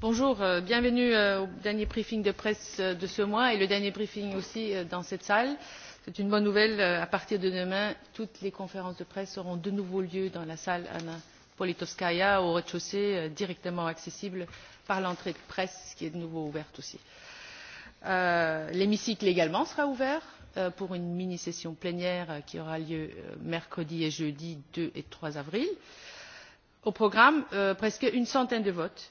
bonjour euh, bienvenue euh, au dernier briefing de presse euh, de ce mois et le dernier briefing aussi dans cette salle. c'est une bonne nouvelle à partir de demain toutes les conférences de presse auront de nouveau lieu dans la salle anna politkovskaya au rez de chaussée directement accessible par l'entrée de presse qui est de nouveau ouverte aussi. Euh, l'hémicycle également sera ouvert euh, pour une mini session plénière euh, qui aura lieu mercredi et jeudi deux et trois avril. au programme presque une centaine de votes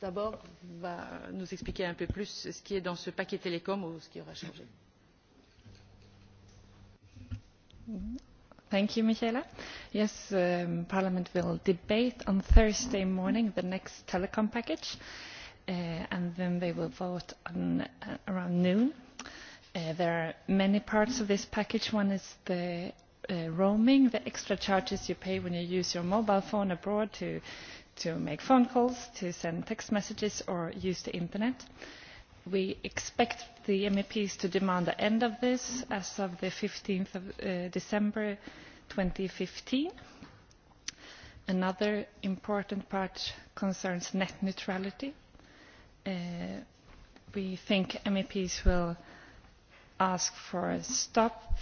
d'abord va nous expliquer un peu plus ce qui est dans ce paquet télécom ou ce qui aura changé. Thank you, Michaela. Yes, um, Parliament will debate on Thursday morning the next telecom package, uh, and then they will vote on, uh, around noon. Uh, there are many parts of this package. One is the uh, roaming, the extra charges you pay when you use your mobile phone abroad to, to make phone calls, to send text messages or use the internet. We expect the MEPs to demand the end of this as of the 15th of uh, December 2015. Another important part concerns net neutrality. Uh, we think MEPs will ask for a stop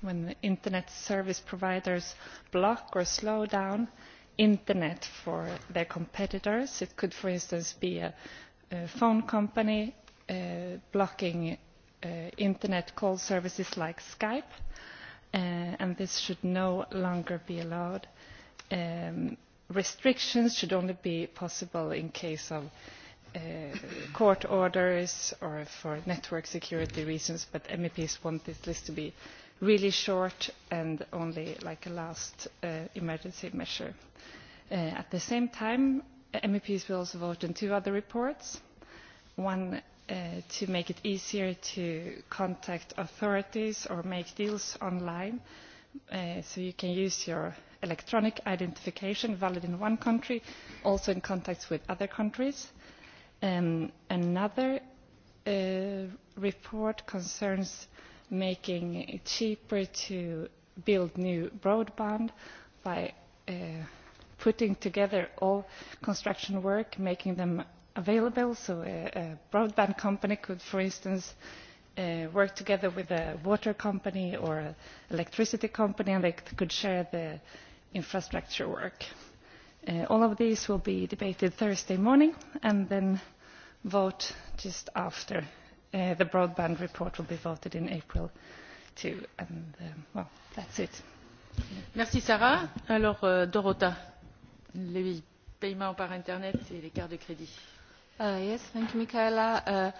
when internet service providers block or slow down internet for their competitors. It could, for instance, be a, a phone company uh, blocking uh, internet call services like Skype, uh, and this should no longer be allowed. Um, restrictions should only be possible in case of uh, court orders or for network security reasons, but MEPs want this list to be uh, really short and only like a last uh, emergency measure. Uh, at the same time, uh, MEPs will also vote on two other reports. One uh, to make it easier to contact authorities or make deals online. Uh, so you can use your electronic identification valid in one country, also in contacts with other countries. Um, another uh, report concerns uh, making it cheaper to build new broadband by uh, putting together all construction work, making them available so a, a broadband company could, for instance, uh, work together with a water company or an electricity company and they could share the infrastructure work. Uh, all of these will be debated Thursday morning and then vote just after uh, the broadband report will be voted in April too. And um, well, that's it. Merci Sarah. Alors euh, Dorota, les paiements par Internet et les cartes de crédit. Uh, yes, thank you, Michaela. Uh,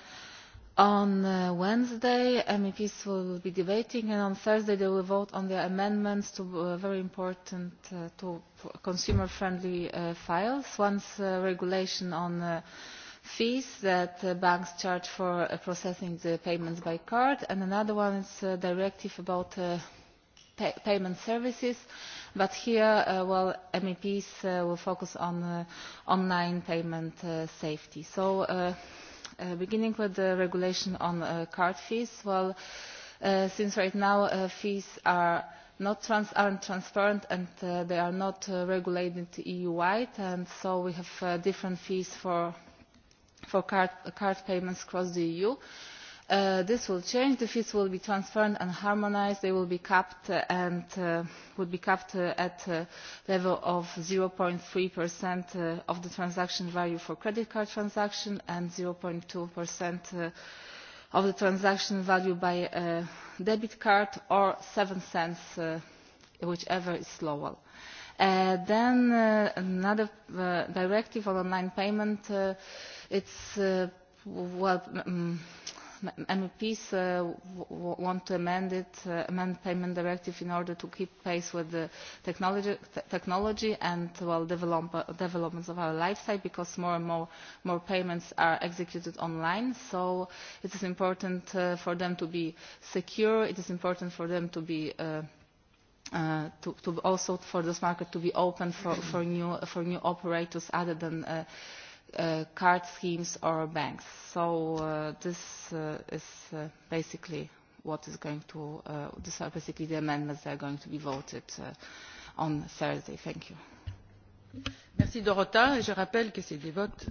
on uh, wednesday meps will be debating and on thursday they will vote on the amendments to uh, very important uh, consumer friendly uh, files one is uh, the regulation on uh, fees that uh, banks charge for uh, processing the payments by card and another one is a uh, directive about uh, pay payment services but here uh, well meps uh, will focus on online payment safety. so beginning with the regulation on card fees well since right now fees are not trans aren't transparent and they are not regulated eu wide and so we have different fees for for card, card payments across the eu. Uh, this will change the fees will be transparent and harmonised they will be capped uh, and uh, would be capped uh, at a level of. zero three uh, of the transaction value for credit card transactions and. zero two uh, of the transaction value by debit card or seven cents whichever is lower Uh, then uh, another uh, directive on online payment, uh, it's, uh, well, um, mm, MEPs mm, uh, w want to amend it, uh, amend payment directive in order to keep pace with the technology, t technology and well develop, uh, developments of our lifestyle because more and more, more payments are executed online. So it is important uh, for them to be secure. It is important for them to be uh, uh, to, to also for this market to be open for, for, new, for new operators other than uh, uh, card schemes or banks. So uh, this uh, is uh, basically what is going to, uh, these are basically the amendments that are going to be voted uh, on Thursday. Thank you. Merci Dorota. Je rappelle que c'est des votes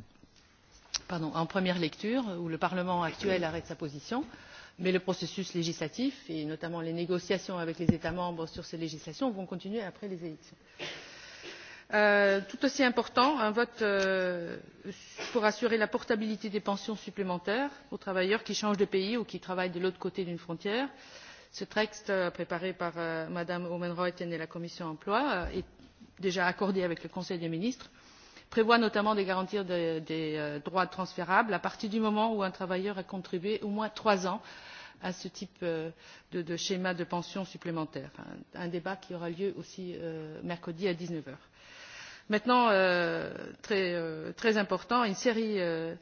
pardon, en première lecture où le Parlement actuel arrête sa position. Euh, mais le processus législatif et notamment les négociations avec les états membres sur ces législations vont continuer après les élections. Euh, tout aussi important un vote euh, pour assurer la portabilité des pensions supplémentaires aux travailleurs qui changent de pays ou qui travaillent de l'autre côté d'une frontière. ce texte euh, préparé par euh, mme oomen ruijten et la commission de l'emploi et euh, déjà accordé avec le conseil des ministres prévoit notamment de garantir des, des euh, droits transférables à partir du moment où un travailleur a contribué au moins trois ans à ce type euh, de, de schéma de pension supplémentaire un débat qui aura lieu aussi euh, mercredi à dix neuf heures. maintenant très, très important une série de,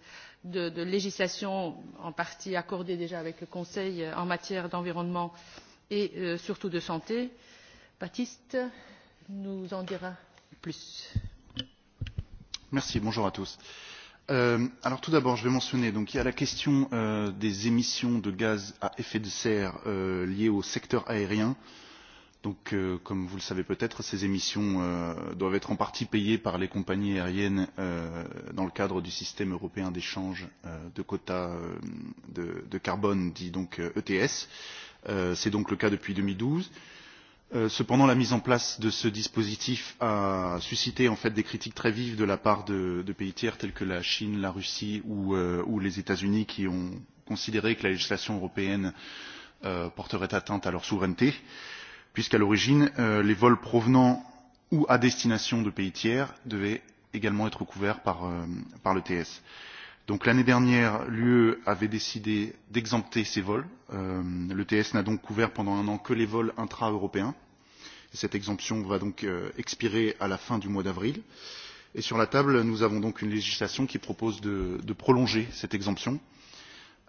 de législations en partie accordées déjà avec le conseil en matière d'environnement et surtout de santé baptiste nous en dira plus. Merci, bonjour à tous. Euh, alors tout d'abord, je vais mentionner, donc il y a la question euh, des émissions de gaz à effet de serre euh, liées au secteur aérien. Donc, euh, comme vous le savez peut-être, ces émissions euh, doivent être en partie payées par les compagnies aériennes euh, dans le cadre du système européen d'échange euh, de quotas euh, de, de carbone, dit donc euh, ETS. Euh, C'est donc le cas depuis 2012. Euh, Euh, cependant la mise en place de ce dispositif a suscité en fait des critiques très vives de la part de, de pays tiers tels que la Chine, la Russie ou, euh, ou les États-Unis qui ont considéré que la législation européenne euh, porterait atteinte à leur souveraineté puisqu'à l'origine euh, les vols provenant ou à destination de pays tiers devaient également être couverts par, euh, par le TS. Euh, Donc l'année dernière, l'UE avait décidé d'exempter ces vols. Euh, L'ETS n'a donc couvert pendant un an que les vols intra-européens. Cette exemption va donc euh, expirer à la fin du mois d'avril. Et sur la table, nous avons donc une législation qui propose de, de prolonger cette exemption euh,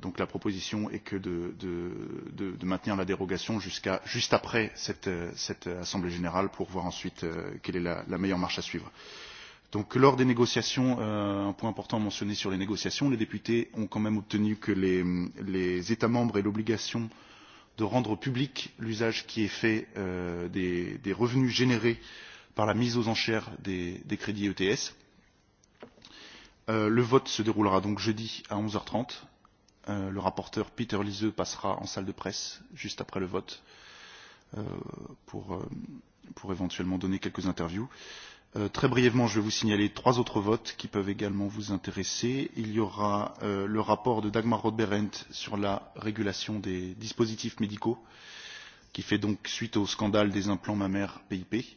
Donc la proposition est que de, de, de, de maintenir la dérogation jusqu'à juste après cette, euh, cette euh, assemblée générale pour voir ensuite euh, quelle est la, la meilleure marche à suivre. Donc lors des négociations, euh, un point important mentionné sur les négociations, les députés ont quand même obtenu que les, les États membres aient l'obligation de rendre public l'usage qui est fait euh, des, des revenus générés par la mise aux enchères des, des crédits ETS. Euh, le vote se déroulera donc jeudi à 11h30 Euh, le rapporteur Peter Liseux passera en salle de presse juste après le vote euh, pour, euh, pour éventuellement donner quelques interviews. Euh, très brièvement, je vais vous signaler trois autres votes qui peuvent également vous intéresser. Il y aura euh, le rapport de Dagmar Rodberent sur la régulation des dispositifs médicaux, qui fait donc suite au scandale des implants mammaires PIP.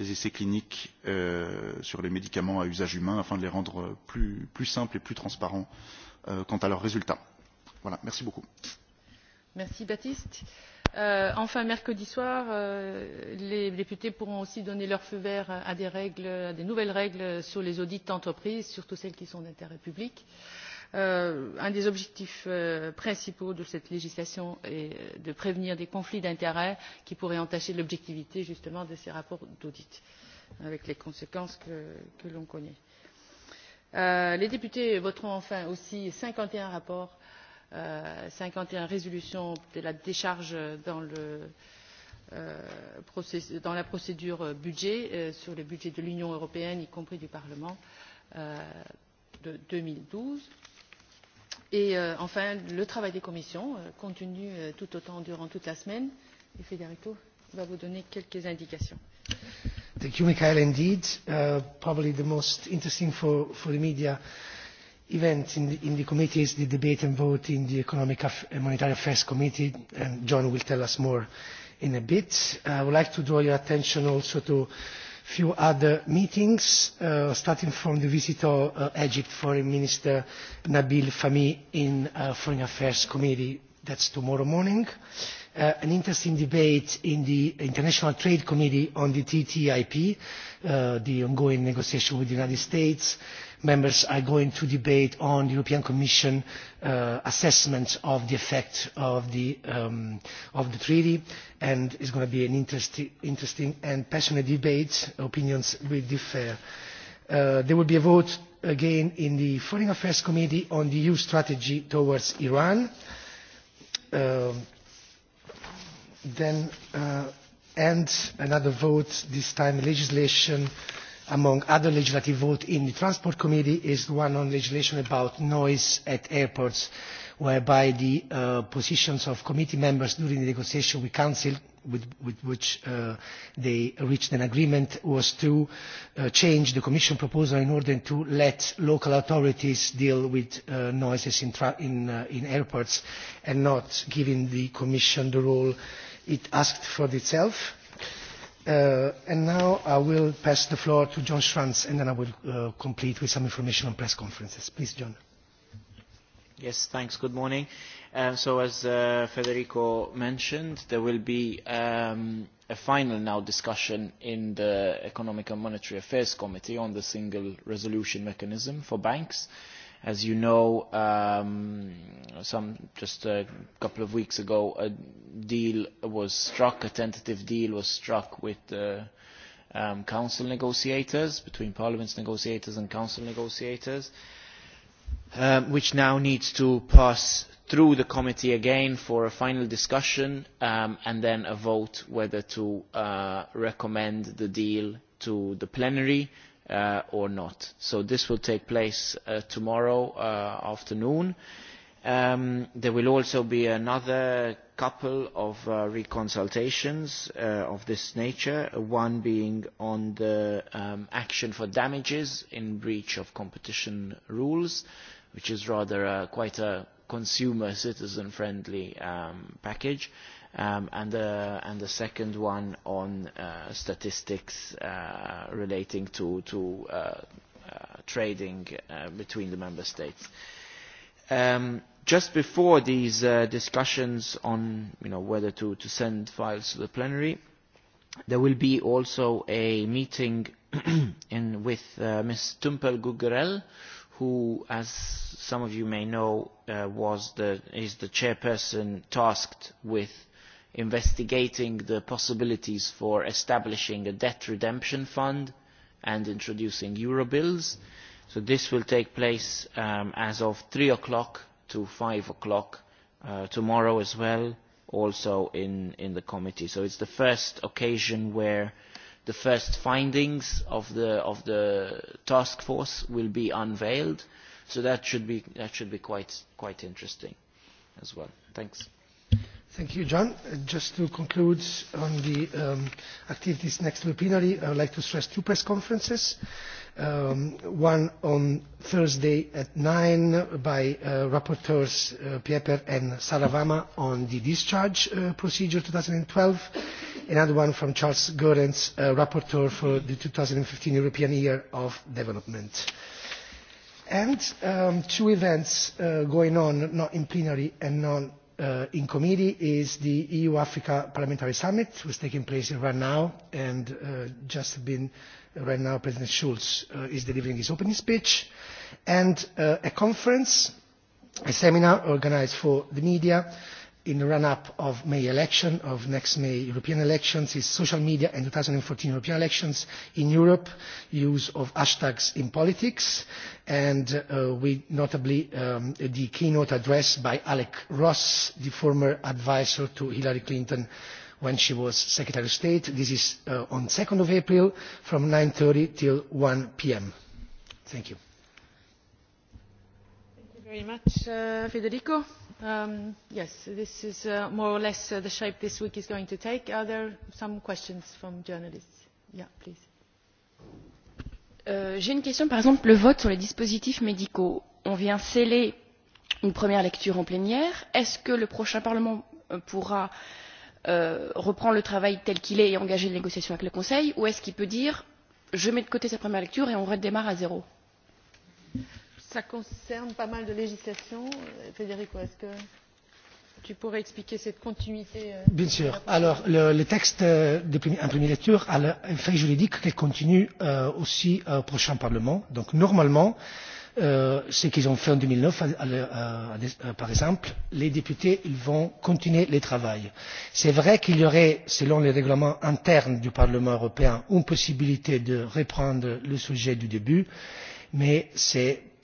les essais cliniques euh, sur les médicaments à usage humain afin de les rendre plus, plus simples et plus transparents euh, quant à leurs résultats. Voilà, merci beaucoup. Merci Baptiste. Euh, enfin, mercredi soir, euh, les députés pourront aussi donner leur feu vert à des, règles, à des nouvelles règles sur les audits d'entreprise, surtout celles qui sont d'intérêt public. Euh, Euh, un des objectifs euh, principaux de cette législation est euh, de prévenir des conflits d'intérêts qui pourraient entacher l'objectivité justement de ces rapports d'audit avec les conséquences que, que l'on connaît. Euh, les députés voteront enfin aussi cinquante et un rapports euh, cinquante et un résolutions de la décharge dans le euh, dans la procédure budget sur le budget de l'union européenne y compris du parlement de deux mille douze et euh, enfin le travail des commissions euh, continue euh, tout autant durant toute la semaine et federico va vous donner quelques indications. thank you michael indeed uh, probably the most interesting for, for the media event in the, in the committee is the debate and vote in the economic Aff and monetary affairs committee and john will tell us more in a bit. Uh, i would like to draw your attention also to few other meetings, uh, starting from the visit of uh, Egypt Foreign Minister Nabil Fahmy in uh, Foreign Affairs Committee that is tomorrow morning uh, an interesting debate in the international trade committee on the ttip uh, the ongoing negotiation with the united states. members are going to debate on the european commission uh, assessment of the effect of the, um, of the treaty and it is going to be an interesti interesting and passionate debate. opinions will differ. Uh, there will be a vote again in the foreign affairs committee on the eu strategy towards iran. Um, then uh, and another vote this time legislation among other legislative votes in the transport committee is the one on legislation about noise at airports whereby the uh, positions of committee members during the negotiation with council with, with which uh, they reached an agreement was to uh, change the commission proposal in order to let local authorities deal with uh, noises in, tra in, uh, in airports and not giving the commission the role it asked for itself. Uh, and now I will pass the floor to John Schranz and then I will uh, complete with some information on press conferences. Please, John. Uh, Yes, thanks. Good morning. Uh, so as uh, Federico mentioned, there will be um, a final now discussion in the Economic and Monetary Affairs Committee on the single resolution mechanism for banks. As you know, um, some just a couple of weeks ago, a deal was struck, a tentative deal was struck with the uh, um, council negotiators, between parliament's negotiators and council negotiators. Uh, um, which now needs to pass through the committee again for a final discussion um, and then a vote whether to uh, recommend the deal to the plenary uh, or not. So this will take place uh, tomorrow uh, afternoon. Um, there will also be another couple of uh, reconsultations uh, of this nature, one being on the um, action for damages in breach of competition rules, uh, which is rather a, quite a consumer citizen friendly um, package um, and, uh, and the second one on uh, statistics uh, relating to, to uh, uh, trading uh, between the member states. Um, just before these uh, discussions on you know, whether to, to send files to the plenary, there will be also a meeting in, with uh, Ms. Tumpel Guggerel, who, as some of you may know, uh, was the, is the chairperson tasked with investigating the possibilities for establishing a debt redemption fund and introducing Eurobills. So this will take place um, as of 3 o'clock to 5 o'clock uh, tomorrow as well, also in, in the committee. So it's the first occasion where uh, the first findings of the, of the task force will be unveiled. So that should be, that should be quite, quite interesting as well. Thanks. Thank you, John. Uh, just to conclude on the um, activities next to the plenary, I would like to stress two press conferences. Um, one on Thursday at 9 by uh, rapporteurs uh, Pieper and Saravama on the discharge uh, procedure 2012 another one from Charles Goerens, uh, Rapporteur for the 2015 European Year of Development. And um, two events uh, going on, not in plenary and not uh, in committee, is the EU-Africa Parliamentary Summit, which is taking place right now, and uh, just been uh, right now President Schulz uh, is delivering his opening speech, and uh, a conference, a seminar organized for the media, uh, in the run-up of May election, of next May European elections, is social media and 2014 European elections in Europe, use of hashtags in politics, and uh, we notably um, the keynote address by Alec Ross, the former advisor to Hillary Clinton when she was Secretary of State. This is uh, on 2nd of April from 9.30 till 1 p.m. Thank you very much, uh, Federico. Um, yes, this is uh, more or less uh, the shape this week is going to take. Are there some questions from journalists? Yeah, please. Euh, J'ai une question, par exemple, le vote sur les dispositifs médicaux. On vient sceller une première lecture en plénière. Est-ce que le prochain Parlement euh, pourra euh, reprendre le travail tel qu'il est et engager les négociations avec le Conseil ou est-ce qu'il peut dire je mets de côté cette première lecture et on redémarre à zéro? Ça concerne pas mal de législations. Euh, Federico, est-ce que tu pourrais expliquer cette continuité euh, Bien sûr. Alors, le, le texte euh, de primi, en première lecture a l'effet juridique qu'il continue euh, aussi euh, au prochain Parlement. Donc, normalement, euh, ce qu'ils ont fait en 2009, à, à, à, à, par exemple, les députés ils vont continuer le travail. C'est vrai qu'il y aurait, selon les règlements internes du Parlement européen, une possibilité de reprendre le sujet du début, mais c'est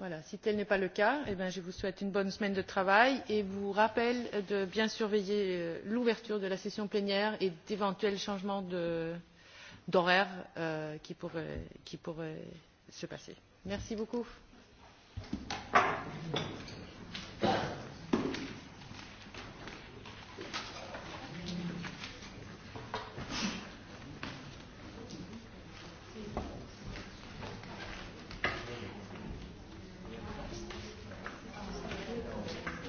Voilà, si tel n'est pas le cas eh bien, je vous souhaite une bonne semaine de travail et vous rappelle de bien surveiller euh, l'ouverture de la session plénière et d'éventuels changements d'horaire euh, qui, qui pourraient se passer. merci beaucoup.